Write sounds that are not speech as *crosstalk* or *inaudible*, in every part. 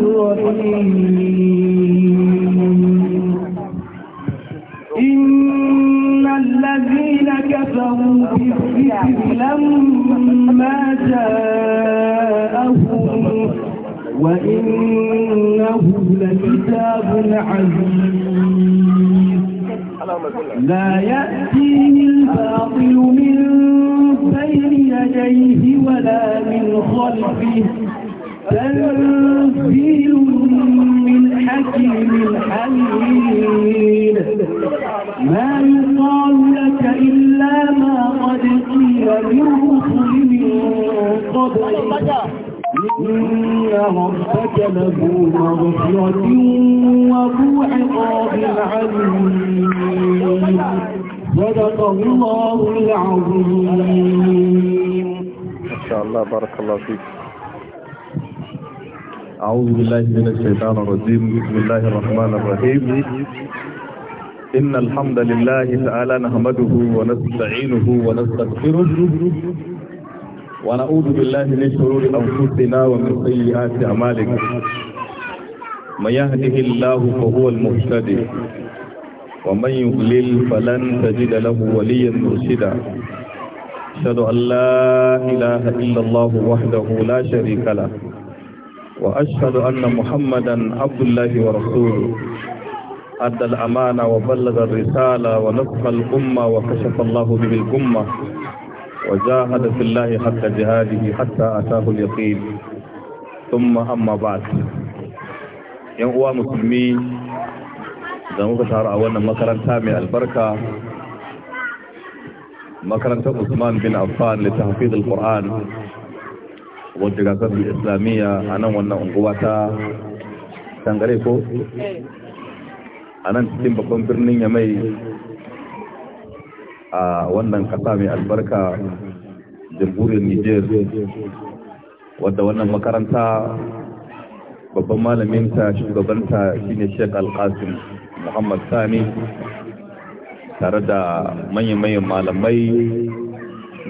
الرحيم إن الذين كفروا بالذكر لما جاءهم وإنه لكتاب عزيز لا يأتي أعوذ بالله من الشيطان الرجيم بسم الله الرحمن الرحيم إن الحمد لله تعالى نحمده ونستعينه ونستغفره ونعوذ بالله من شرور أنفسنا ومن سيئات أعمالنا من يهده الله فهو المهتدي ومن يضلل فلن تجد له وليا مرشدا أشهد أن لا إله إلا الله وحده لا شريك له وأشهد أن محمدا عبد الله ورسوله أدى الأمانة وبلغ الرسالة ونصح الأمة وكشف الله به الأمة وجاهد في الله حق جهاده حتى أتاه اليقين ثم أما بعد يا أخوة musulmi إذا muka taru a wannan البركة mai albarka makarantar بن عفان لتحفيظ القرآن wadda gasar islamiyya a nan wannan unguwa ta tangare ko a nan cikin babban birnin ya mai a wannan kasa mai albarka jamhuriyar niger wadda wannan makaranta babban malaminta shugabanta shine sheik alkasim muhammad sani tare da manyan malamai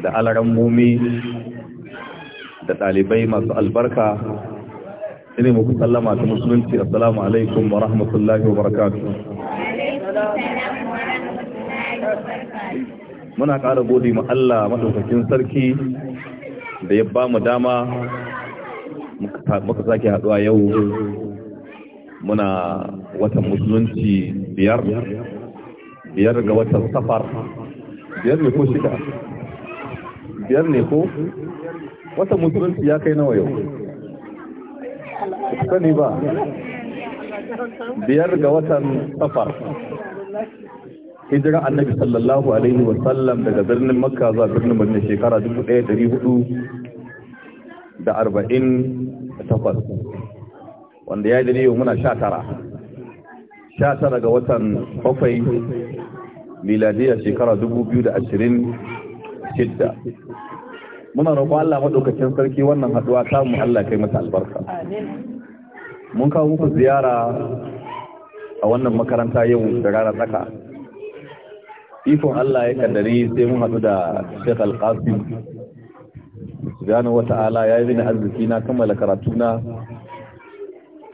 da alaran mummi da ɗalibai masu albarka ina muku sallama ta musulunci assalamu alaikum wa rahmatullahi wa barakatu muna ƙara gode ma Allah maɗaukakin sarki da ya ba mu dama muka sake haɗuwa yau muna watan musulunci biyar biyar ga watan safar biyar ne ko shida biyar ne ko wata musulunci ya kai nawa yau sani ba biyar ga watan safar hijira annabi sallallahu alaihi wasallam daga birnin makka zuwa birnin birnin shekara 1448 wanda ya yi yau muna sha tara sha tara ga watan bakwai miladiyar shekara 2026 muna roƙo Allah maɗaukacin sarki wannan haɗuwa ta mu Allah kai mata albarka mun kawo muku ziyara a wannan makaranta yau da rana tsaka ikon Allah ya kaddari sai mun haɗu da Sheikh Al-Qasim subhanahu ta'ala ya yi mini arziki na kammala karatu na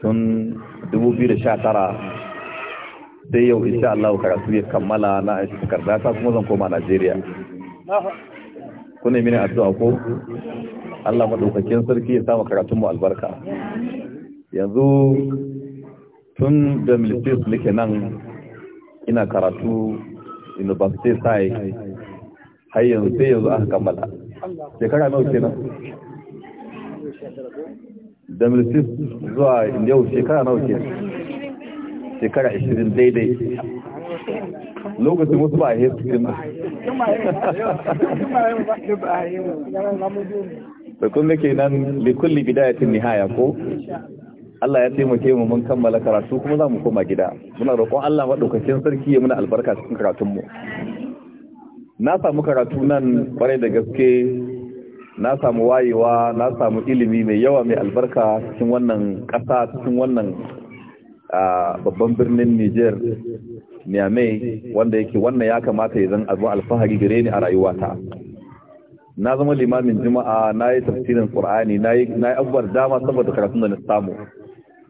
tun 2019 sai yau insha Allah karatu ya kammala na takarda ta kuma zan koma Najeriya kuna mini addu'a ko Allah madaukakin sarki ya samu karatun mu albarka yanzu tun da militis nake nan ina karatu university sai har yanzu sai yanzu aka kammala shekara nawa kenan da militis zuwa yau shekara nawa kenan shekara 20 daidai lokacin wasu ba a yi cikin da kun ke nan likulli bidayatin nihaya ko Allah ya taimake mu mun kammala karatu kuma za mu koma gida muna roƙon Allah maɗaukakin sarki ya muna albarka cikin karatunmu na samu karatu nan kwarai da gaske na samu wayewa na samu ilimi mai yawa mai albarka cikin wannan ƙasa cikin wannan ah, babban birnin Nijar niyamai wanda yake wannan ya kamata ya zan abu alfahari gare ni a rayuwata na zama limamin juma'a na yi tafsirin qur'ani na yi abubuwar dama saboda karatun da na samu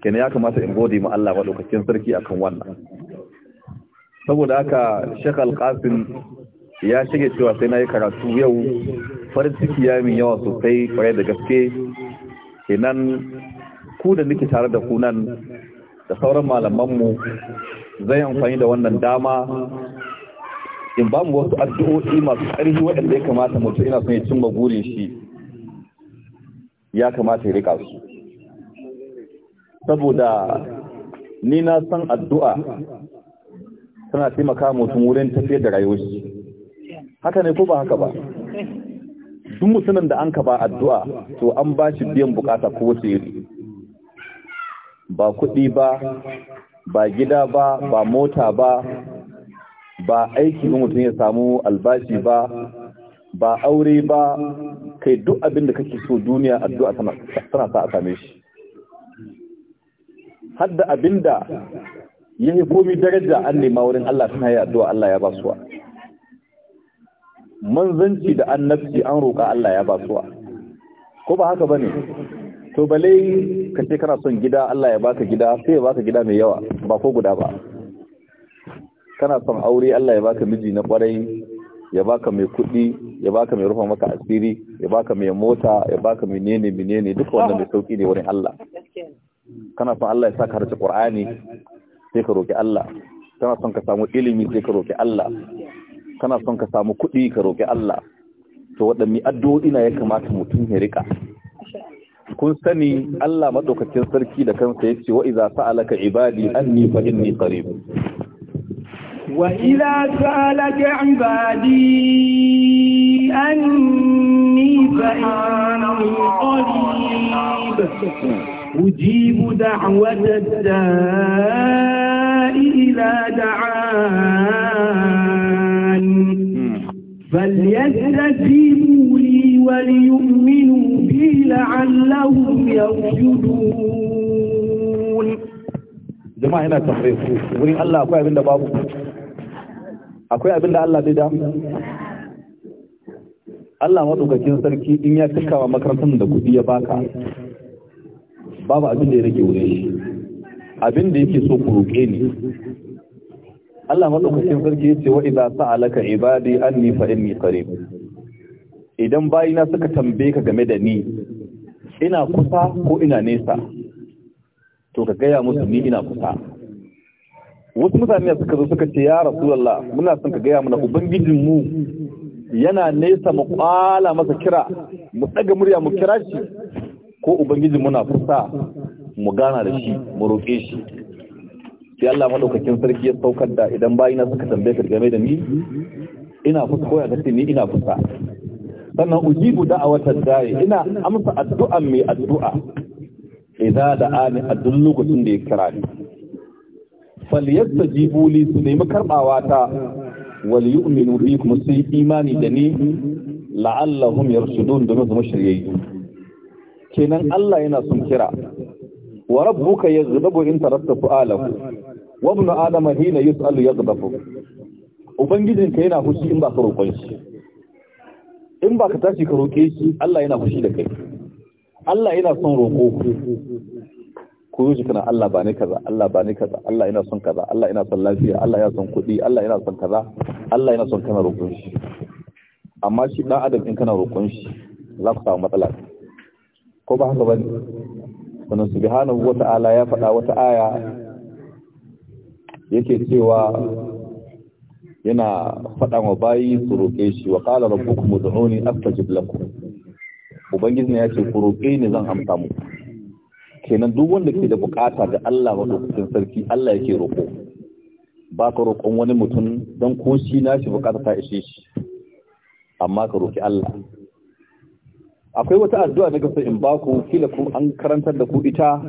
kenan ya kamata in gode ma Allah madaukakin sarki akan wannan saboda haka shekh alqasim ya shige cewa sai na yi karatu yau farin ciki ya min yawa sosai kwarai da gaske kenan ku da nake tare da ku nan da sauran malamanmu zai amfani da wannan dama in ba mu wasu addu'o'i masu ƙarfi waɗanda ya kamata mutum ina son ya cimma burin shi ya kamata ya riƙa su saboda ni na san addu'a tana taimaka mutum wurin tafiyar da rayuwar shi haka ne ko ba haka ba duk mutumin da an ka ba addu'a to an ba shi biyan bukata ko wasu iri ba kuɗi ba ba gida ba ba mota ba ba aiki ba mutum ya samu albashi ba ba aure ba kai duk abin da kake so duniya addu'a tana sa a same shi hadda abin da ya yi komi daraja an nema wurin Allah tana yi addu'a Allah ya ba suwa. manzanci da annabci an roƙa Allah ya ba suwa. ko ba haka ba ne to balai ka ce kana son gida Allah ya baka gida sai ya baka gida mai yawa ba ko guda ba kana son aure Allah ya baka miji na kwarai ya baka mai kuɗi ya baka mai rufa maka asiri ya baka mai mota ya baka mai nene-minene, duka wannan mai sauki ne wurin Allah kana son Allah ya saka harce Qur'ani sai ka roki Allah kana son ka samu ilimi sai ka roki Allah kana son ka samu kuɗi ka roki Allah to waɗanne addu'o'i na ya kamata mutum ya rika kun sani Allah madaukakin sarki da kansa yace wa idza sa'alaka ibadi anni fa inni qarib wa idza sa'alaka ibadi anni fa inni qarib أجيب دعوة الداء إذا دعان فليستجيبوا لي وليؤمنوا jama'a yana tambaye wurin Allah akwai abin da babu akwai abin da Allah bai da Allah madaukakin sarki in ya tukawa makarantar da kuɗi ya baka babu abin da ya rage wurin shi abin da yake so ku roƙe ni Allah madaukakin sarki yace wa idza sa'alaka ibadi anni fa inni qarib idan bayina suka tambaye ka game da ni ina kusa ko ina nesa to ka gaya musu ni ina kusa wasu mutane suka zo suka ce ya rasulallah muna son ka gaya mana ubangijin mu yana nesa mu kwala masa kira mu daga murya mu kira shi ko ubangijin muna kusa mu gana da shi mu roƙe shi sai Allah madaukakin sarki ya saukar da idan bayina suka tambaye ka game da ni ina kusa ko ya kace ni ina kusa sannan ujibu watan daya ina amsa addu'an mai addu'a idza da'ani a duk lokacin da ya kira ni yadda li su nemi karbawa ta wal yu'minu bi kuma su yi imani da ni la'allahum yarshudun domin su yi. kenan Allah yana son kira wa rabbuka yaghdabu in tarakta su'alahu wa ibnu adama hina yus'alu yaghdabu ubangijinka yana hushi in ba ka roƙon in ba ka tashi ka roƙe shi Allah yana fushi da kai Allah yana son roƙo ku yi kana Allah ba ne kaza Allah ba ne kaza Allah yana son kaza Allah yana son lafiya Allah yana son kuɗi Allah yana son kaza Allah yana son kana roƙon shi amma shi ɗan adam in kana roƙon shi za ku samu matsala ko ba haka bane sannan subhanahu wata'ala ya faɗa wata aya yake cewa yana faɗa wa bayi su roƙe shi wa ƙala rabu kuma da'oni astajib ku. ubangiji ne ya ce ku roƙe ni zan amsa mu kenan duk wanda ke da bukata ga Allah wa madaukakin sarki Allah yake roƙo ba ka roƙon wani mutum don ko shi na shi bukata ta ishe shi amma ka roƙi Allah akwai wata addu'a na gasa in ba ku kila ku an karantar da ku ita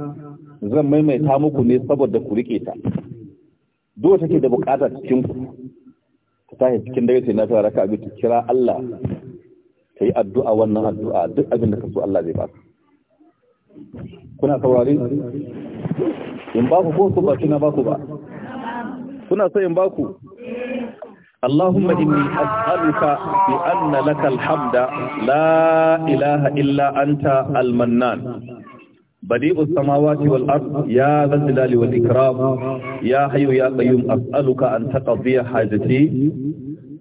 zan maimaita muku ne saboda ku rike ta duk take da bukata cikin ku tashi cikin dare sai na fara raka bi ta kira Allah ka yi addu'a wannan addu'a duk abin da ka so Allah zai ba ka kuna saurari in ba ku ko ku ba kina ba ku ba kuna so in ba ku اللهم إني أسألك بأن لك الحمد لا إله إلا أنت المنان بديء السماوات والأرض يا ذا الجلال والإكرام يا حي يا قيوم أسألك أن تقضي حاجتي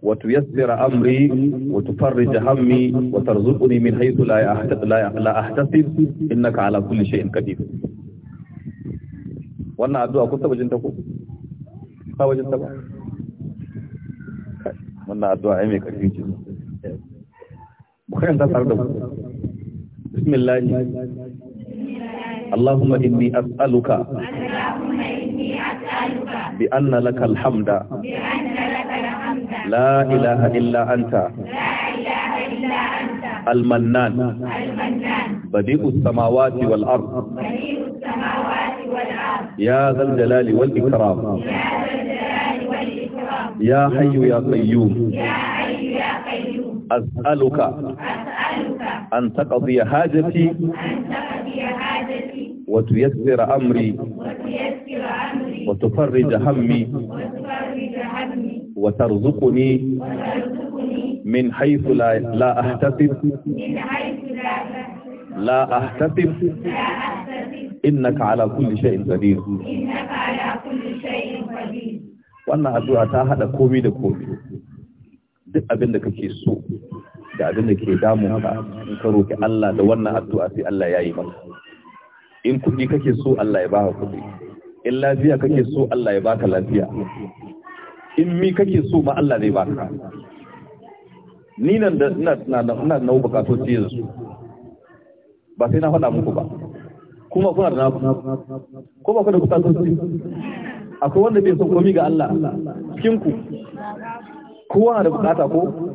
وتيسر أمري وتفرج همي وترزقني من حيث لا لا أحتسب إنك على كل شيء قدير وانا addu'a كنت taba jin ta ko ta wajen ta ba wannan بخير انت mai karfi اللهم إني أسألك بأن لك الحمد لا إله إلا أنت المنان بديء السماوات والأرض يا ذا الجلال والإكرام يا حي يا قيوم أسألك أن تقضي حاجتي وتيسر أمري وتفرج همي وترزقني من حيث لا أحتسب لا أحتسب إنك على كل شيء قدير وأنا أدعو هذا كومي دكومي duk abin da kake so da abin da ke damu ka in karo ki Allah da wannan addu'a sai in kuɗi kake so Allah ya baka kuɗi in lafiya kake so Allah ya baka lafiya in mi kake so ma Allah zai baka ni nan da ina na na na bukatu ce yanzu ba sai na faɗa muku ba kuma kuna da naku ko ba ku da bukatu sosai? akwai wanda bai so komi ga Allah cikin ku kowa da bukata ko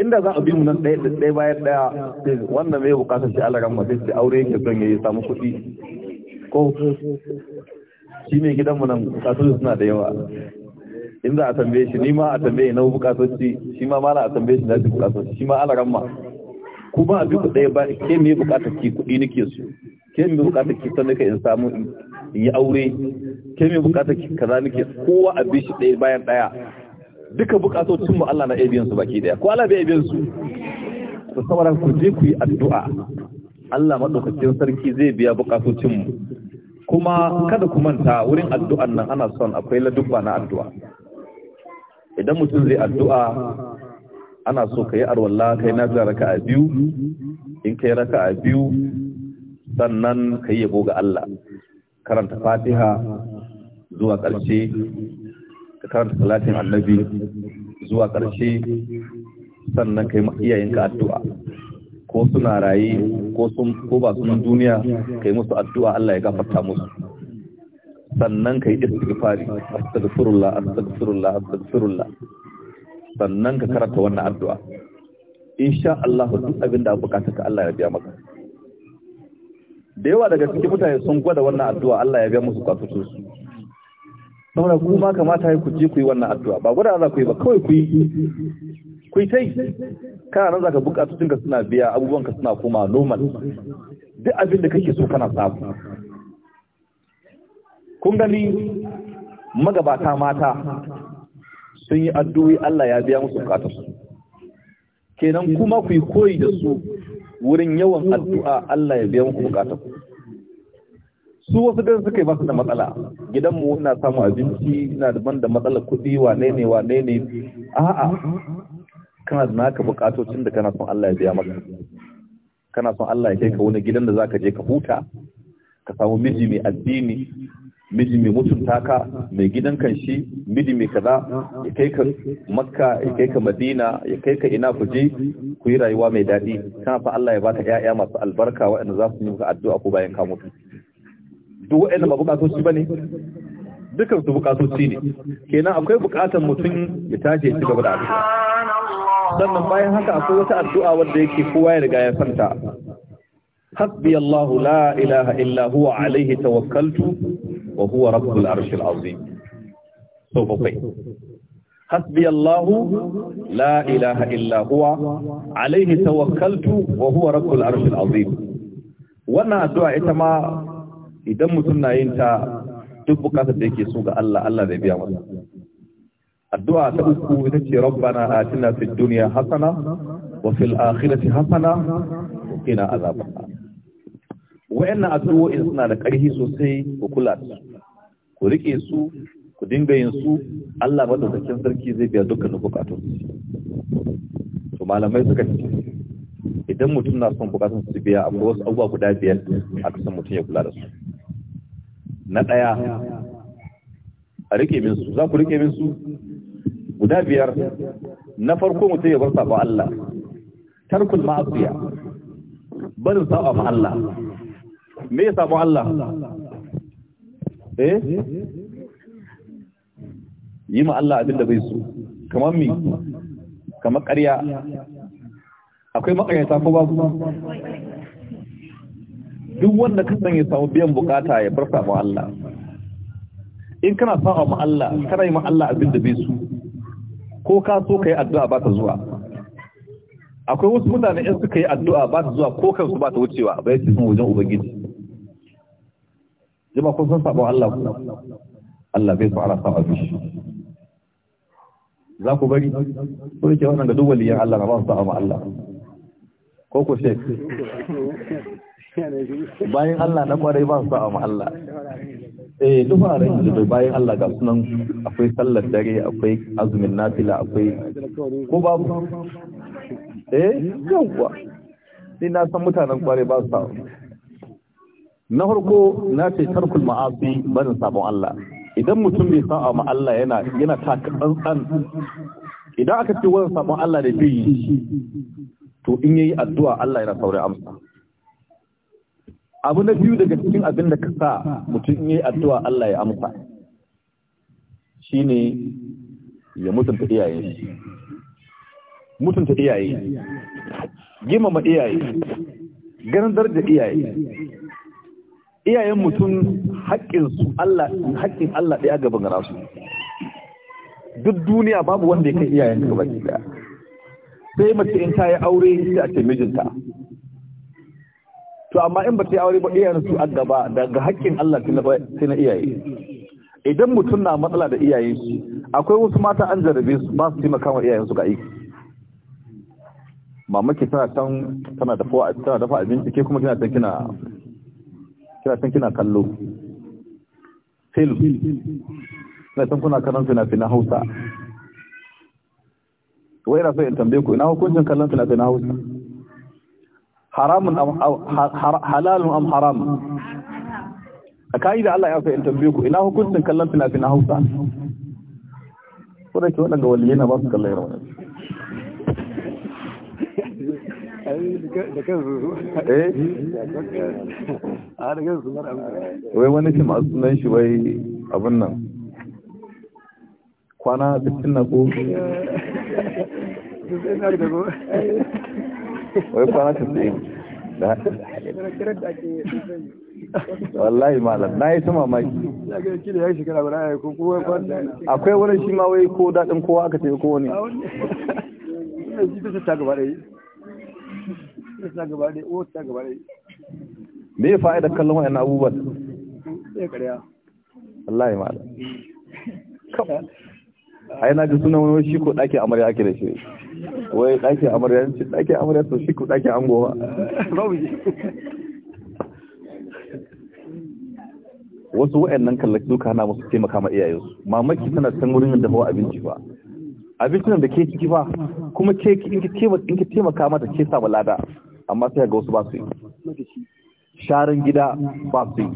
inda za a bi mu nan ɗaya ɗaya bayan ɗaya wannan mai bukatar shi alaran ma sai aure yake son ya samu kuɗi ko shi ne gidanmu nan bukatoci suna da yawa in za a tambaye shi ni ma a tambaye na bukatoci shi ma mala a tambaye shi na shi bukatoci shi ma alaran ma ku ba a bi ku ɗaya bayan ke me bukatar ki kuɗi nake su ke me bukatar ki son in samu in yi aure ke me bukatar ki kaza nake kowa a bi shi ɗaya bayan ɗaya duka bukatocin mu Allah na aibiyansu baki daya ko Allah bai aibiyansu? to saboda ku je ku yi addu'a Allah madaukakin sarki zai biya bukatocin mu kuma kada ku manta wurin addu'an nan ana son akwai ladubba na addu'a idan mutum zai addu'a ana so ka yi arwallah kai na raka a biyu in kai raka'a biyu sannan ka yi yabo ga Allah karanta fatiha zuwa ƙarshe ka karanta salatin annabi zuwa ƙarshe sannan kai iyayenka addu'a ko suna raye ko sun ko ba sun duniya kai musu addu'a Allah ya gafarta musu sannan kai istighfari astaghfirullah astaghfirullah astaghfirullah sannan ka karanta wannan addu'a insha Allah duk abin da bukata ka Allah ya biya maka da yawa daga cikin mutane sun gwada wannan addu'a Allah ya biya musu kwatutu su saboda ku ma kamata ku je ku yi wannan addu'a ba gwada za ku yi ba kawai ku yi ku yi tai kana nan zaka tinka suna biya abubuwan ka suna koma normal duk abin da kake so kana samu kun gani magabata mata sun yi addu'o'i Allah ya biya musu su. kenan kuma ku yi koyi da su wurin yawan addu'a Allah ya biya muku bukatunku su wasu ganin suka yi masu da matsala gidanmu ina samun abinci ina daban da matsalar kuɗi wa ne wa ne a'a kana da naka bukatocin da kana son Allah ya biya maka kana son Allah ya kai ka wani gidan da zaka je ka huta ka samu miji mai addini miji mai mutunta ka mai gidan kan shi miji mai kaza ya kai ka makka ya kai ka madina ya kai ka ina kuje ku yi rayuwa mai daɗi kana fa Allah ya baka ƴaƴa masu albarka waɗanda za su yi maka addu'a ko bayan ka mutu duk waɗanda ba ba ne su bukatoci ne kenan akwai bukatan mutum ya tashi ci gaba da addu'a sannan bayan haka akwai wata addu'a wanda yake kowa ya riga ya santa hasbi Allah la ilaha illa huwa alaihi tawakkaltu wa huwa rabbul arshil azim so الله لا إله إلا هو عليه توكلت وهو رب العرش العظيم وانا الدعاء idan mutum na yin ta duk bukatar da yake so ga Allah Allah zai biya masa addu'a ta uku ita ce rabbana atina fid dunya hasana wa fil akhirati hasana wa qina azaban wa'annan addu'o'in suna da ƙarfi sosai ku kula da ku rike su ku dinga yin su Allah madaukakin sarki zai biya dukkan bukatun to malamai suka ce idan mutum na son bukatun su biya akwai wasu abubuwa guda biyar a kasan mutum ya kula da su na ɗaya a rike min su za ku rike min su guda biyar na farko mutum ya bar sabon Allah tarkul ma'asiya barin saba ma Allah me ya sabon Allah eh yi ma Allah abin da bai so kamar mi kamar ƙarya akwai maƙaryata ko babu duk wanda ka san ya samu biyan bukata ya bar samu Allah in kana sa'a ma Allah kana yi ma Allah abin da bai su ko ka so ka yi addu'a ba ta zuwa akwai wasu mutane in suka yi addu'a ba ta zuwa ko kansu ba ta wucewa ba ya sun wajen ubangiji jama kun san sabon Allah ku Allah bai su ala sa'a bishi za ku bari ko yake wannan ga duk waliyan Allah na ba su sa'a ma Allah ko ku shek bayan Allah na kwarai ba su sa'a Allah eh duba rai da bayan Allah ga sunan akwai sallar dare akwai azumin nafila akwai ko babu eh kuwa. Sai na san mutanen kware ba su sa'o na farko na ce tarkul ma'asi barin sabon Allah idan mutum bai sa'o ma Allah yana yana ta tsantsan idan aka ce wani sabon Allah da bai yi to in yayi addu'a Allah yana saurin amsa abu na biyu daga cikin abin da ka sa mutum yi addu'a Allah ya amsa shine ya mutunta iyaye mutunta iyaye girmama iyaye ganin darajar iyaye iyayen mutum haƙƙin Allah haƙƙin Allah ɗaya gaban rasu. duk duniya babu wanda ya kai iyayen gaba ɗaya sai mace in ta yi aure sai a ce mijinta to amma in ba ta aure ba iyayen su a gaba daga haƙƙin Allah sai na iyaye idan mutum na matsala da iyayen shi akwai wasu mata an jarabe su ba su taimaka wa iyayen su ga aiki mamaki tana can tana dafa tana dafa abinci ke kuma kina kina kina can kina kallo film kina can kuna kallon fina Hausa wai na so in tambaye ku ina hukuncin kallon fina-finan Hausa haramun halalun am haram a ka'ida Allah ya fa'in tambaye ku ina hukuncin kallon fina-finan Hausa ko da ke waɗanda waliyai na ba su kallon yawan eh? wai wani shi masu sunan shi wai abin nan kwana 60 na ko eh. wai kwana tasa'in da wallahi malam na yi ta mamaki akwai wani shi ma wai ko daɗin kowa aka ce ko wani me ya fa'ida kallon wani abubuwan wallahi malam ai na ji sunan wani shi ko ɗakin amarya ake da shi wai ɗakin amarya yanci ɗakin amarya to shi ku ɗakin an goma wasu wa'annan kallaki duka hana musu taimaka ma su. mamaki tana can wurin da hawa abinci ba abincin da ke ciki ba kuma ke in ki taimaka mata ke sa lada amma sai ga wasu ba su yi sharan gida ba su yi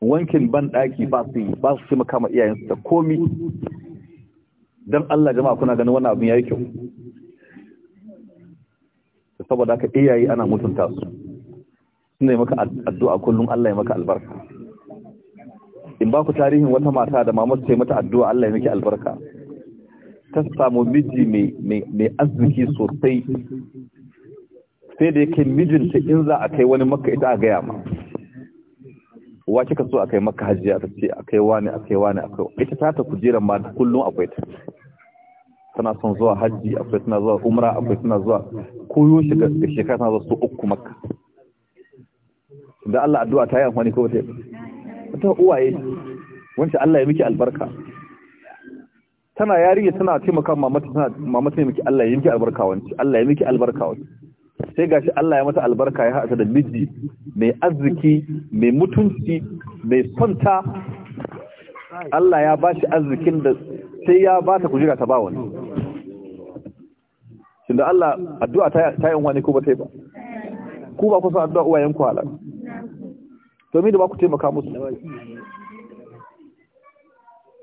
wankin ban ɗaki ba su yi ba su taimaka ma iyayensu da komi don Allah jama'a kuna ganin wannan abin ya yi kyau saboda haka iyaye ana mutunta su suna yi maka addu'a kullum Allah ya maka albarka in ba ku tarihin wata mata da mamar ta yi mata addu'a Allah ya miki albarka ta samu miji mai arziki sosai sai da yake mijinta in za a kai wani maka ita a gaya ma wa kika so a kai maka hajiya ta ce a kai wani a kai wani a kai ita ta ta kujeran ma kullum akwai ta tana son zuwa hajji akwai tana zuwa umra akwai tana zuwa koyo shiga da shekara tana zuwa su uku makka da Allah addu'a ta yi amfani ko ta ta uwaye wancan Allah ya miki albarka tana yarinya tana taimaka mamata tana mamata miki Allah ya miki albarka wancan, Allah ya miki albarka wancan. sai gashi Allah ya mata albarka ya haɗa da miji mai arziki mai mutunci mai sonta Allah ya bashi arzikin da sai ya ba ta kujira ta ba wani shin da Allah addu'a ta yan wani ko ba ta yi ba ku ba ku san addu'a uwayen ku halar to mi da ba ku taimaka musu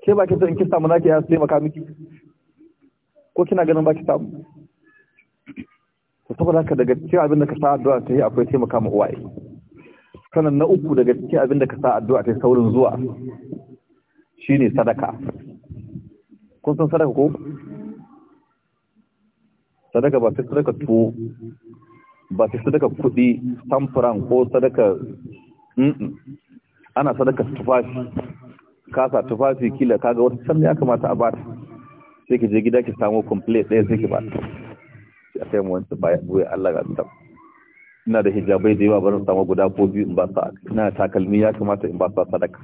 ke ba ki san ki samu naki ya taimaka miki ko kina ganin ba ki samu to saboda haka daga cikin abin da ka sa addu'a ta yi akwai taimaka ma uwaye sanan na uku daga cikin abin da ka sa addu'a ta yi saurin zuwa shine sadaka kun san sadaka ko sadaka ba sai sadaka tuwo ba sai sadaka kuɗi samfuran ko sadaka ana sadaka tufafi kasa tufafi kila kaga wata can ya kamata a bata sai ke je gida ki samo complete ɗaya sai ki ba. sai a kai mu wancan baya buya Allah ga ta ina da hijabai da yawa barin samu guda ko biyu in ba sa ina takalmi ya kamata in ba sa sadaka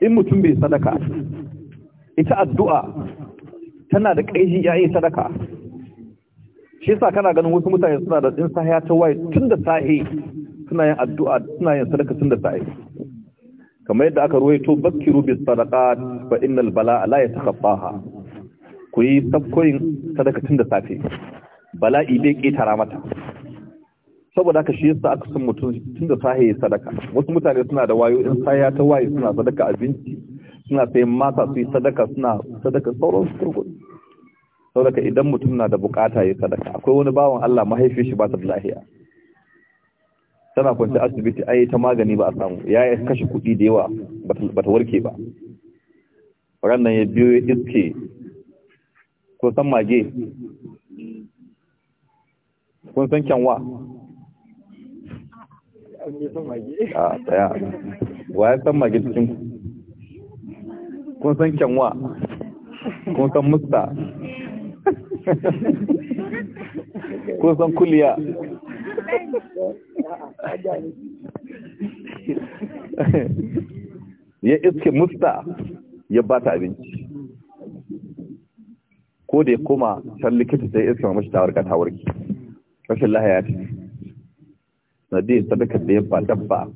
in mutum bai sadaka ita addu'a tana da ƙaishi ya yi sadaka shi sa kana ganin wasu mutane suna da tsin sahiya ta waye tun da sahi suna yin addu'a suna yin sadaka tun da sahi kamar yadda aka ruwaito bakiru bis sadaqat fa innal bala'a la yatakhaffaha ku yi sabkoyin sadaka tun da safe bala'i bai tara mata saboda haka shi yasa aka san mutum tun da sahi ya sadaka wasu mutane suna da wayo in sahiya ta waye suna sadaka abinci suna sayan mata su yi sadaka suna sadaka sauran su saboda idan mutum na da bukata ya sadaka akwai wani bawan Allah mahaifi shi ba ta lafiya tana kwanci asibiti ai ta magani ba a samu ya yi kashe kuɗi da yawa ba ta warke ba Wannan ya biyo ya iske ko san mage kun san kyanwa a tsaya wa ya san mage cikin kun san kyanwa kun san musta kun san kuliya ya iske musta ya ba ta abinci ko da ya koma san likita sai iske mamashi ta warka ta warki rashin lahaya ce na dai sadaka da ya ba dabba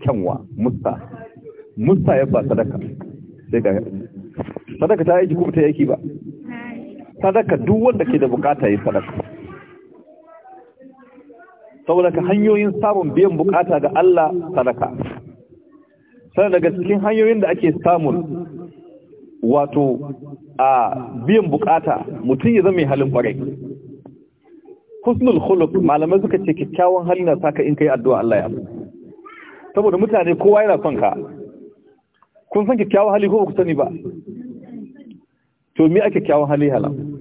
kyanwa musta musta ya ba sadaka sai ga sadaka ta aiki kuma ta yaki ba sadaka duk wanda ke da bukata ya sadaka saboda ka hanyoyin samun biyan bukata ga Allah sadaka Sada daga cikin hanyoyin da ake samun wato a biyan bukata mutum ya zama mai halin kwarai husnul khuluq malamai suka ce kyakkyawan hali na saka in kai addu'a Allah ya saboda mutane kowa yana son ka kun san kyakkyawan hali ko ba ku sani ba to me ake kyakkyawan hali halam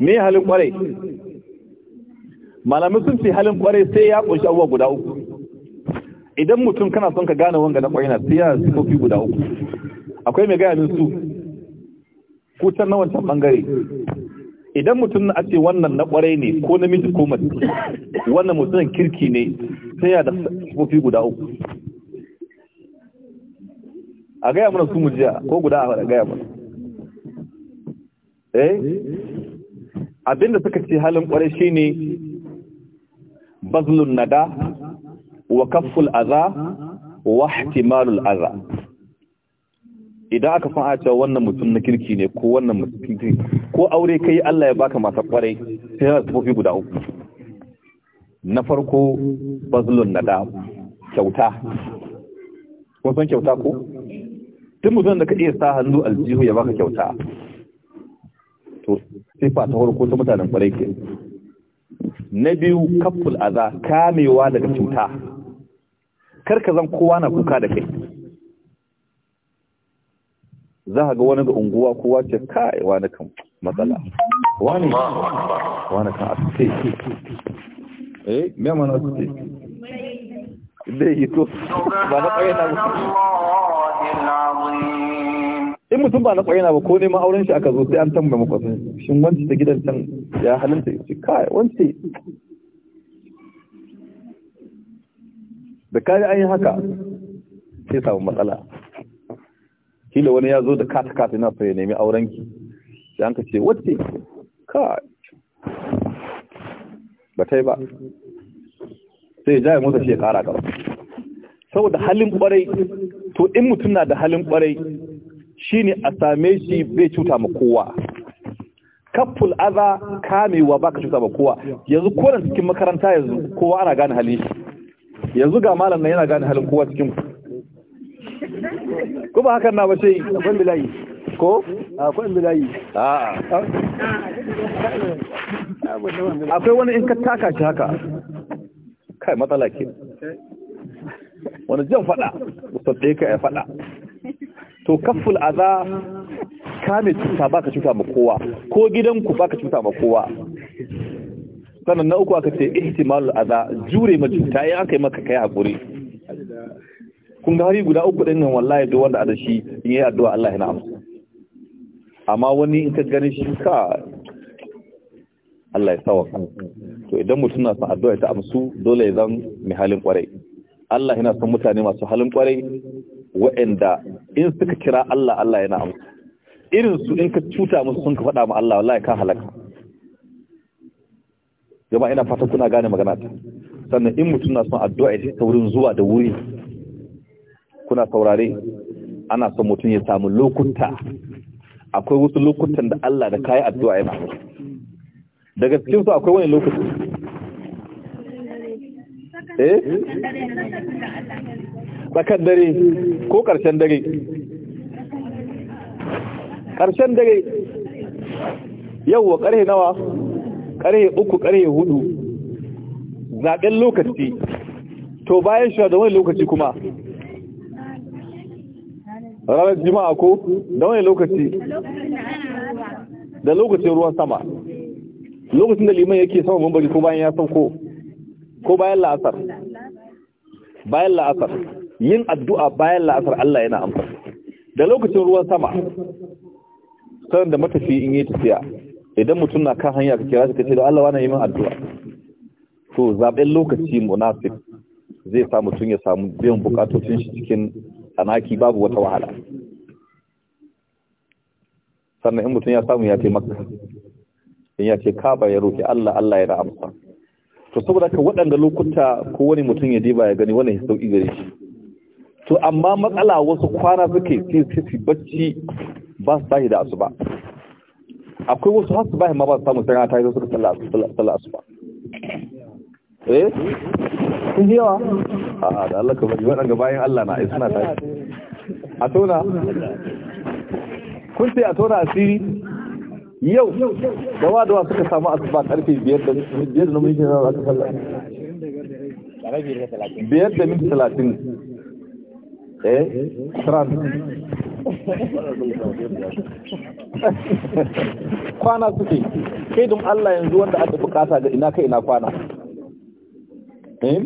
me halin kwarai Malamin sun ce halin kwarai sai ya kunshi abubuwa guda uku idan mutum kana son ka gane wanga na kwarai na sai ya sifofi guda uku akwai mai gaya min su ku na wancan bangare idan mutum na ce wannan na kwarai ne ko namiji ko mace wannan mutumin kirki ne sai ya da sifofi guda uku a gaya mana su mu jiya ko guda a gaya mana eh abinda suka ce halin kwarai shine bazlun nada wa kafful aza wa ihtimalul aza idan aka san cewa wannan mutum na kirki ne ko wannan mutum ko aure kai Allah ya baka masa kwarai sai ya tafi guda uku na farko bazlun nada kyauta wasan kyauta ko tun mutum da ka iya sa hannu aljihu ya baka kyauta to sifa ta farko ta mutanen kwarai ke na biyu kaful aza kamewa daga cuta karka zan kowa na kuka da kai za ga wani ga unguwa kowa ce kai wani kan matsala wani wani kan asuke eh me mana asuke dai yi to ba na kai na in mutum ba na kwarai na ba ko neman auren shi aka zo sai an tambaya makwasa shin wancan ta gidan can ya halinta yace kai wancan da kai an yi haka sai samu matsala kila wani ya zo da kata kata na so ya nemi aurenki sai an ka ce wacce kai ba ta yi ba sai ya jaya mota shi ya kara gaba saboda halin kwarai to in mutum na da halin kwarai shine a same shi bai cuta ma kowa kafful aza kamewa baka cuta ma kowa yanzu kowa cikin makaranta yanzu kowa ana gane halin shi yanzu ga malam nan yana gane halin kowa cikin ku kuma hakan na sai akwai bilayi ko akwai bilayi a'a akwai wani in ka taka shi haka kai matsala ke wani jan fada musa ɗaya ka ya fada to kafful aza kame cuta baka cuta ma kowa ko gidanku baka cuta ma kowa sannan na uku aka ce ihtimal aza jure ma cuta ya kai maka kai hakuri kun ga hari guda uku dinnan wallahi duk wanda ada shi in yi addu'a Allah yana amsa amma wani in ka gani shi ka Allah ya sawa to idan mutum na son addu'a ta amsu dole ya zan mai halin kwarai Allah yana son mutane masu halin kwarai wa'anda in suka kira Allah Allah yana amsa irin su in ka cuta musu sun ka faɗa ma Allah wallahi ka halaka jama'a ina fata kuna gane magana ta sannan in mutum na son addu'a ya ta wurin zuwa da wuri kuna saurare ana son mutum ya samu lokuta akwai wasu lokutan da Allah da kayi addu'a yana musu daga cikin su akwai wani lokaci eh tsakar dare ko ƙarshen dare ƙarshen dare yauwa ƙarhe nawa ƙarhe uku ƙarhe hudu zaɓen lokaci to bayan shi da wani lokaci kuma ranar jima'a ko da wani lokaci da lokacin ruwan sama lokacin da liman yake sama mambari ko bayan ya sauko ko bayan la'asar bayan la'asar yin addu'a bayan la'asar Allah yana amfani da lokacin ruwan sama sanar da matafi in yi tafiya idan mutum na kan hanya ka kira shi kace da Allah wani min addu'a to zaɓen lokaci munasib zai sa mutum ya samu biyan bukatocin shi cikin tsanaki babu wata wahala sannan in mutum ya samu ya ce maka in ya ce kaba ya roƙi Allah Allah ya amsa to saboda ka waɗanda lokuta ko wani mutum ya diba ya gani wani sauƙi gare shi to amma matsala wasu kwana suke sisi bacci ba su tashi da asuba akwai wasu hasu bayan ma ba su samu sanar tashi suka tsalla asuba eh sun yi yawa a da Allah ka bari waɗanda bayan Allah na suna tashi a tona kun ce a tona asiri yau da dawa suka samu asuba karfe biyar da biyar da namun shi na za ka tsalla biyar da minti talatin Eh? kwana suke kai don Allah yanzu wanda aka bukata ga ina kai ina kwana eh?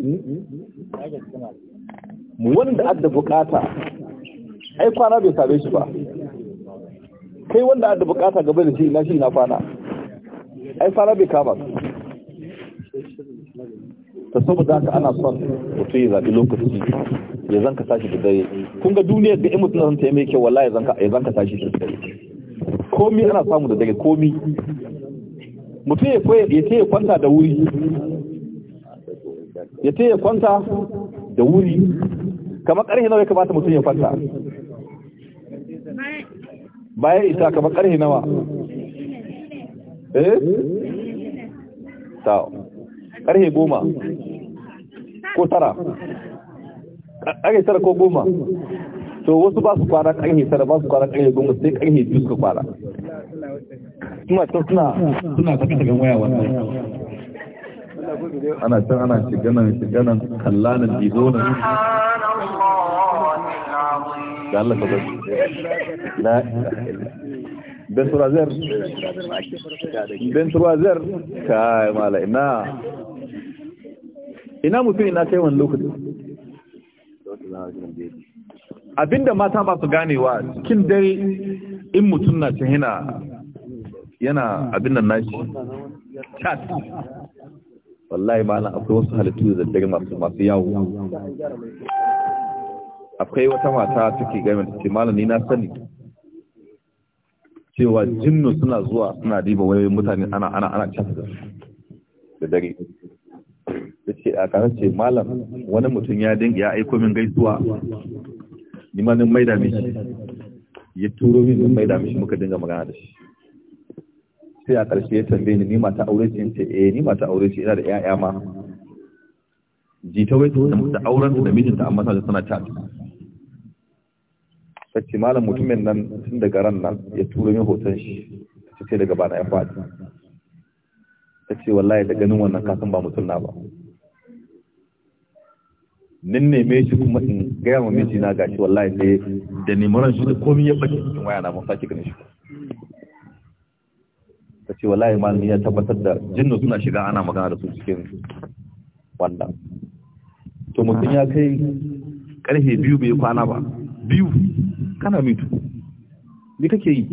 wanda aka bukata ai kwana bai sabe shi ba kai wanda aka bukata gaba da shi ina shi ina kwana ai fara bai kama ta saboda haka ana son mutum ya zaɓi lokaci ya zanka tashi da dare kun ga duniyar da in na ta yi mai kyau wallahi ya zanka tashi da dare komi ana samu da dare komi mutum ya ce ya kwanta da wuri ya ce ya kwanta da wuri kamar karhe nawa ya kamata mutum ya kwanta bayan isa kamar karhe nawa eh ta karhe goma ko tara ƙarfe tara ko goma to wasu ba su kwana ƙarfe tara ba su kwana ƙarfe goma sai ƙarfe biyu suka kwana suna suna suna saka ga waya wannan ana can ana shiganan shiganan kallanan dizonan da Allah ka zai la ben turazer ben turazer kai mala ina ina mutum ina kai wani lokaci abinda mata ba su ganewa cikin dare in mutum na can yana yana abin nan nashi chat wallahi ba na akwai wasu halittu da daga masu yawo akwai wata mata take gami da ke malami na sani cewa jinnu suna zuwa suna diba wayoyin mutane ana ana ana chat da dare da ce a kanar ce malam wani mutum ya dinga ya aiko min gaisuwa ni ma nin da mishi ya turo min nin da mishi muka dinga magana da shi sai a ƙarshe ya tambaye ni ni mata aure ce ce eh ni mata aure ce ina da ƴaƴa ma ji ta wai da auren da mijinta amma ta suna ta sai malam mutumin nan tun daga ran nan ya turo min hoton shi sai daga bana ya faɗi ta ce wallahi da ganin wannan kasan ba na ba nin neme shi kuma in gaya ma miji na gashi wallahi sai da neman shi da komai ya bace cikin waya na mun sake ganin shi ta ce wallahi ma ya tabbatar da jinnu suna shiga ana magana da su cikin wannan to mutum ya kai karfe biyu bai kwana ba biyu kana mitu ni kake yi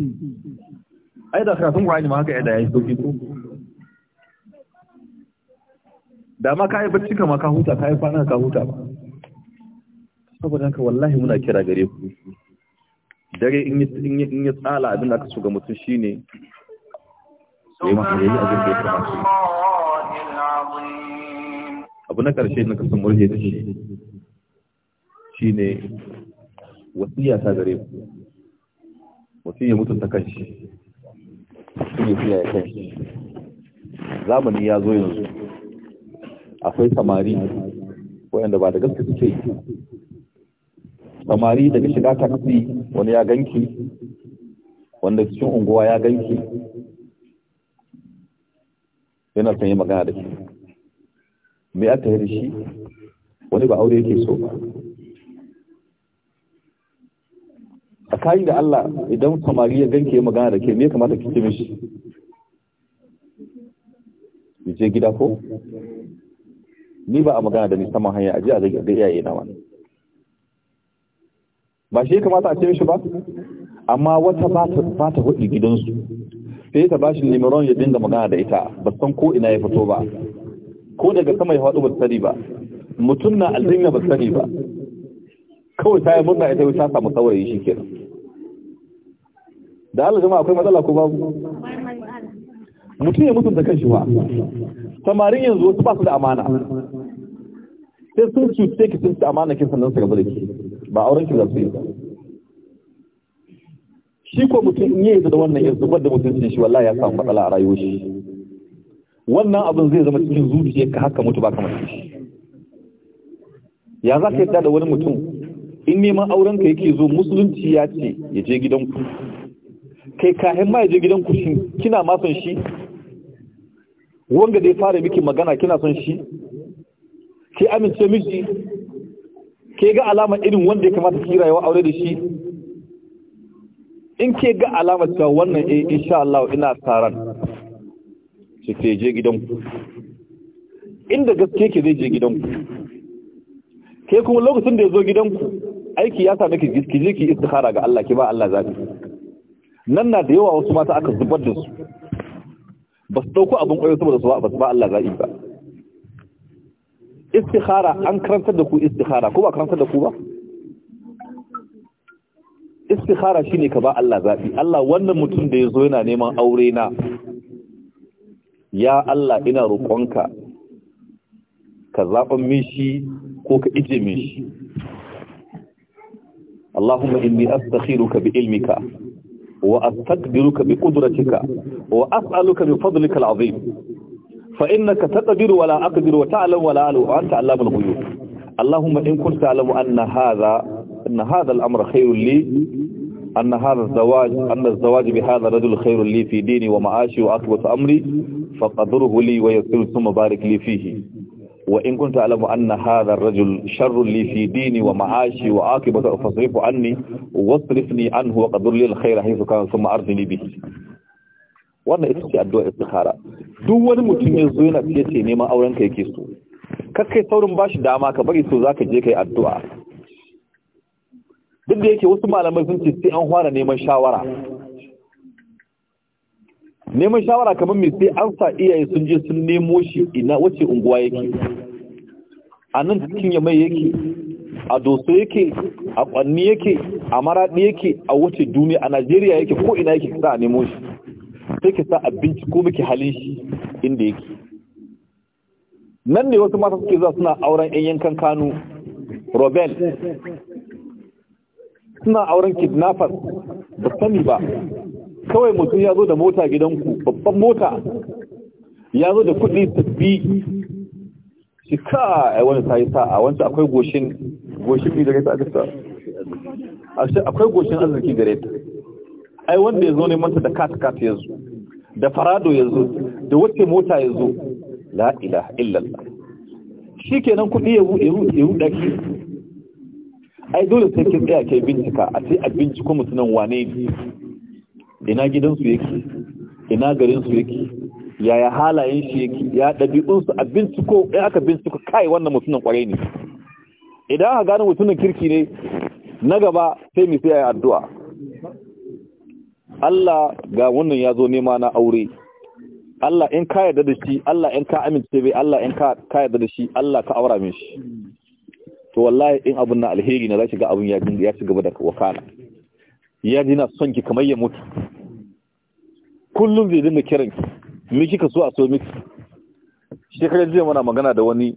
ai da karatun Qur'ani ma haka yadda yi sauki ko da ma ka yi bacci kama ka huta ka yi kwana ka huta ba saboda haka wallahi muna kira gare ku dare in yi tsala abin da aka so ga mutum shine sai ma yayi abin da ya kamata abu na karshe na kasan murje da shi shine wasiya ta gare ku mutum ya mutunta kanshi shi ne kiyaye kanshi zamani ya zo yanzu akwai samari wanda ba da gaske suke yi samari daga shiga taksi wani ya ganki wanda cikin unguwa ya ganki yana son yi magana da shi me yi da shi wani ba aure yake so ba a kayan da Allah idan samari ya ganke magana da ke me kamata kike mishi je gida ko ni ba a magana da ni saman hanya a jiya a ga iyaye na wani ba shi kamata a ce shi ba amma wata ba ta hudu gidansu sai ta bashi limaron ya dinga magana da ita ba san ko ina ya fito ba ko daga sama ya faɗo ba sani ba mutum na aljinya ba sani ba kawai ta yi murna ita ta samu saurayi shi kenan da Allah jama'a akwai matsala ko babu mutum ya mutunta kan shi ba samarin yanzu wasu ba su da amana sai sun cuce ki sun ci amana kin sannan su gaba da ke ba auren ki za su yi shi ko mutum in yi da wannan yanzu zubar da mutum shi wallahi ya samu matsala a rayuwar shi wannan abin zai zama cikin zuciyar ka haka mutu ba kamar shi ya za ka yi da wani mutum in neman auren ka yake zo musulunci ya ce ya je gidanku kai kahin ma ya je gidanku shi kina ma son shi wanga da ya fara miki magana kina son shi ke amince miki ke ga alama irin wanda ya kamata ki rayuwa aure da shi in ke ga alama cewa wannan eh insha Allah ina tsaran ki ke je gidanku inda gaske ke zai je gidanku ke kuma lokacin da ya zo gidanku aiki ya sa miki ki je ki istikhara ga Allah ki ba Allah zabi nan na da yawa wasu mata aka zubar da su ba su dauko abin koyo saboda su ba su ba Allah za'i ba istikhara an karantar da ku istikhara ko ba karantar da ku ba istikhara shine ka ba Allah zaɓi Allah wannan mutum da ya zo yana neman aure na ya Allah ina roƙonka ka zaɓan mishi ko ka ije mishi Allahumma inni astakhiruka bi ilmika وأستقدرك بقدرتك وأسألك بفضلك العظيم فإنك تقدر ولا أقدر وتعلم ولا أعلم وأنت علام الغيوب اللهم إن كنت تعلم أن هذا أن هذا الأمر خير لي أن هذا الزواج أن الزواج بهذا الرجل خير لي في ديني ومعاشي وعقبة أمري فقدره لي ويسر ثم بارك لي فيه wa in kunta alamu anna hadha ar-rajul sharrun li fi dini wa ma'ashi wa aqibata fasrifu anni wasrifni anhu wa qadir lil khair haythu kana thumma arzini bihi wannan ita ce addu'a istikhara duk wani mutum yanzu yana cewa neman auren ka yake so kakkai saurun bashi dama ka bari so zaka je kai addu'a duk da yake wasu malamai sun ce sai an fara neman shawara neman shawara kamar mai sai an sa iyaye sun je sun nemo shi ina wace unguwa yake a nan cikin yamai yake a doso yake a kwanni yake a maraɗi yake a wace duniya a najeriya yake ko ina yake sa a nemo shi sai a sa abinci ko muke halin shi inda yake nan ne wasu mata suke za suna auren yan yankan kano robel suna auren kidnappers ba sani ba kawai mutum ya zo da mota gidanku babban mota ya zo da kudi sabbi shi ka a wani sayi sa'a wancan akwai goshin goshin gare ta aka sa akwai goshin arziki gare ta ai wanda ya zo ne manta da kat-kat ya zo da farado ya zo da wacce mota ya zo La'ila, illallah shi kenan kudi ya ruɗa ai dole sai kin tsaya kai bincika a sai a binciko mutunan wane ne ina gidansu yake ina garinsu yake yaya halayen shi yake ya ɗabi'unsu a binciko in aka binciko kai wannan mutumin kwarai ne idan aka gano mutumin kirki ne na gaba sai mu sai addu'a Allah ga wannan ya zo nema na aure Allah in ka yarda da shi Allah in ka amince bai Allah in ka ka yarda da shi Allah ka aura min shi to wallahi in abun na alheri na ki ga abun ya ya ci gaba da wakana ya dina son ki kamar ya mutu kullum zai dinga kiran mi kika so a so miki shekarar jiya mana magana da wani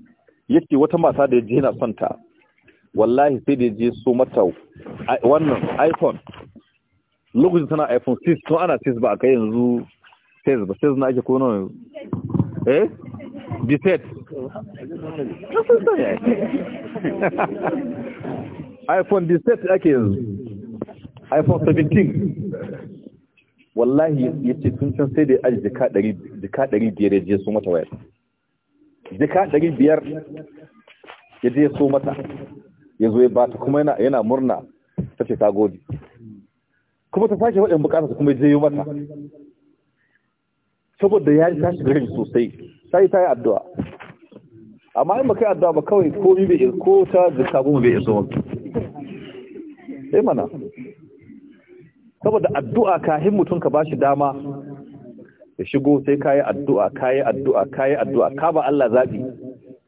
yake wata mata da yaje yana son ta wallahi sai da yaje so mata wannan iPhone lokacin tana iPhone 6 to ana 6 ba a kai yanzu 6 ba 6 na ake ko nawa eh diset *laughs* iPhone diset ake yanzu iPhone 17 wallahi ya ce sun can sai da ya aji jika ɗari biyar ya je so mata waya jika ɗari biyar ya je so mata ya zo ya ba ta kuma yana murna ta ce ta gode kuma ta sake waɗin bukatar kuma ya je yi mata saboda ya ji tashi gari sosai sai ta yi addu'a amma in baka yi addu'a ba kawai ko bai ko ta jika goma bai iso wani sai mana saboda addu'a kahin mutum ka bashi dama ya shigo sai kayi addu'a kayi addu'a kayi addu'a ka ba Allah zabi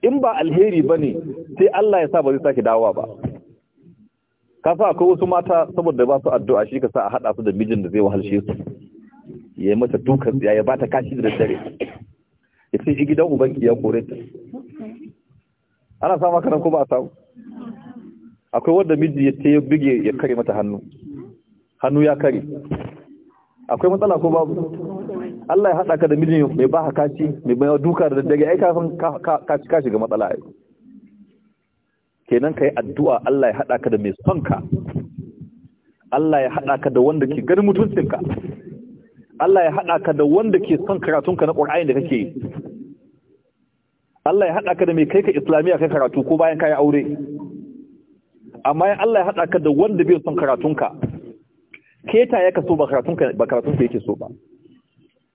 in ba alheri bane sai Allah ya sa ba zai sake dawowa ba ka sa akwai wasu mata saboda ba su addu'a shi ka sa a haɗa su da mijin da zai wahalshe su ya yi mata dukan ya ba ta kashi da dare ya ce gidan ubanki ya kore ta ana sa nan ba a samu akwai wanda miji ya ce ya ya kare mata hannu hannu ya kare akwai matsala ko babu Allah ya hada ka da mijin mai ba ka kaci mai mai duka da daddare ai kafin ka ci ka shiga matsala ai kenan kai addu'a Allah ya hada ka da mai son ka Allah ya hada ka da wanda ke ganin ka. Allah ya hada ka da wanda ke son ka na Qur'ani da kake Allah ya hada ka da mai kai ka islamiya kai karatu ko bayan kai aure amma ya Allah ya hada ka da wanda bai son ka. keta ya kaso ba karatun ka yake so ba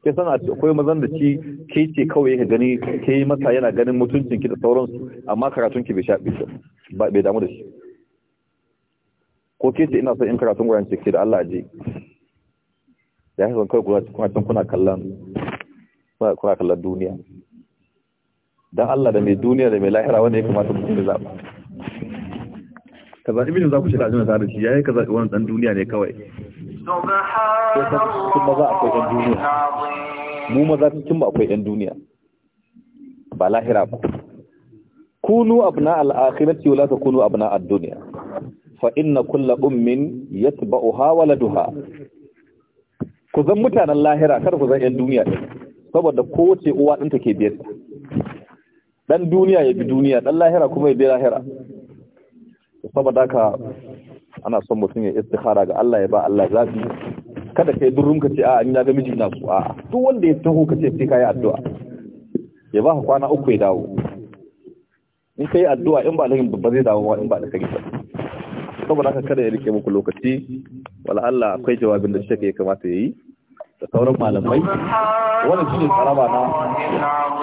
ke sana akwai mazan da ci ke ce kawai yake gani ke yi masa yana ganin mutuncin ki da sauransu amma karatun ki bai sha bai damu da shi ko ke ce ina son in karatun gwayan ce ke da Allah je ya hakan kai kula kuna can kuna kallon kuna kallon duniya dan Allah da mai duniya da mai lahira wanda ya kamata mutum Ka zaba kaza ibn za ku shiga ajina tare da shi ka zaɓi wannan dan duniya ne kawai ya san cikin maza akwai ɗan duniya mu maza cikin ba akwai ɗan duniya ba lahira ba kunu abna al-akhirati ta kunu abna ad-dunya fa inna kulla ummin yatba'uha waladuha ku zan mutanen lahira kada ku zan yan duniya ɗin saboda kowace uwa ɗinta ke biyar ɗan duniya ya bi duniya ɗan lahira kuma ya bi lahira saboda ka ana son mutum ya istikhara ga Allah ya ba Allah zafi kada kai durrum ka ce a an yi ga miji na su a duk wanda ya taho ka ce sai kai addu'a ya ba ka kwana uku ya dawo in kai addu'a in ba lahin babba zai dawo in ba da kai saboda haka kada ya rike muku lokaci wala Allah akwai jawabin da shi ya kamata yayi da sauran malamai wannan shi ne karaba na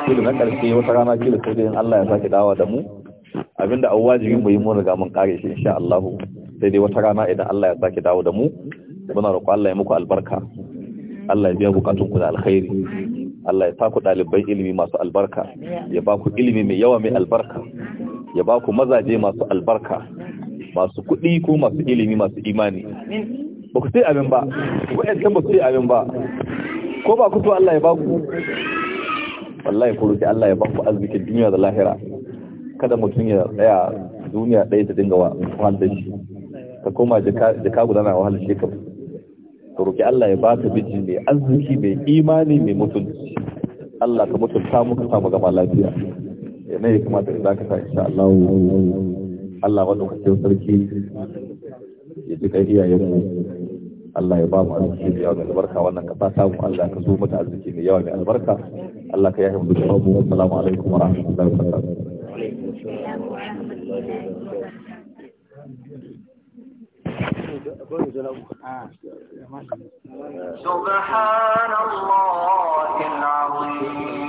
kila na karshe wata rana kila sai dai Allah ya saki dawa da mu abinda awajibin mu riga mun kare shi insha Allah sai dai wata rana idan Allah ya sake dawo da mu muna roƙo Allah ya muku albarka Allah ya biya bukatun ku da alkhairi Allah ya saku dalibai ilimi masu albarka ya ba ku ilimi mai yawa mai albarka ya ba ku mazaje masu albarka masu kuɗi ko masu ilimi masu imani ba ku sai abin ba ko ba su sai abin ba ko ba ku to Allah ya ba ku wallahi ku roki Allah ya ba ku arzikin duniya da lahira kada mutum ya tsaya duniya ɗaya ta dinga wa wanda shi ka koma jaka guda na wahalar shekaru ta roƙi Allah ya baka biji mai arziki mai imani mai mutunci Allah ka mutunta muka samu gama lafiya ya ne ya kamata idan ka sa insha Allah Allah wanda ka ce sarki ya ji kai iyayen mu Allah ya ba mu arziki mai yawa mai albarka wannan ka sa Allah ka zo mata arziki mai yawa mai albarka Allah ka yi mu dukkan mu assalamu alaikum wa rahmatullahi wa barakatuh آه. سبحان الله العظيم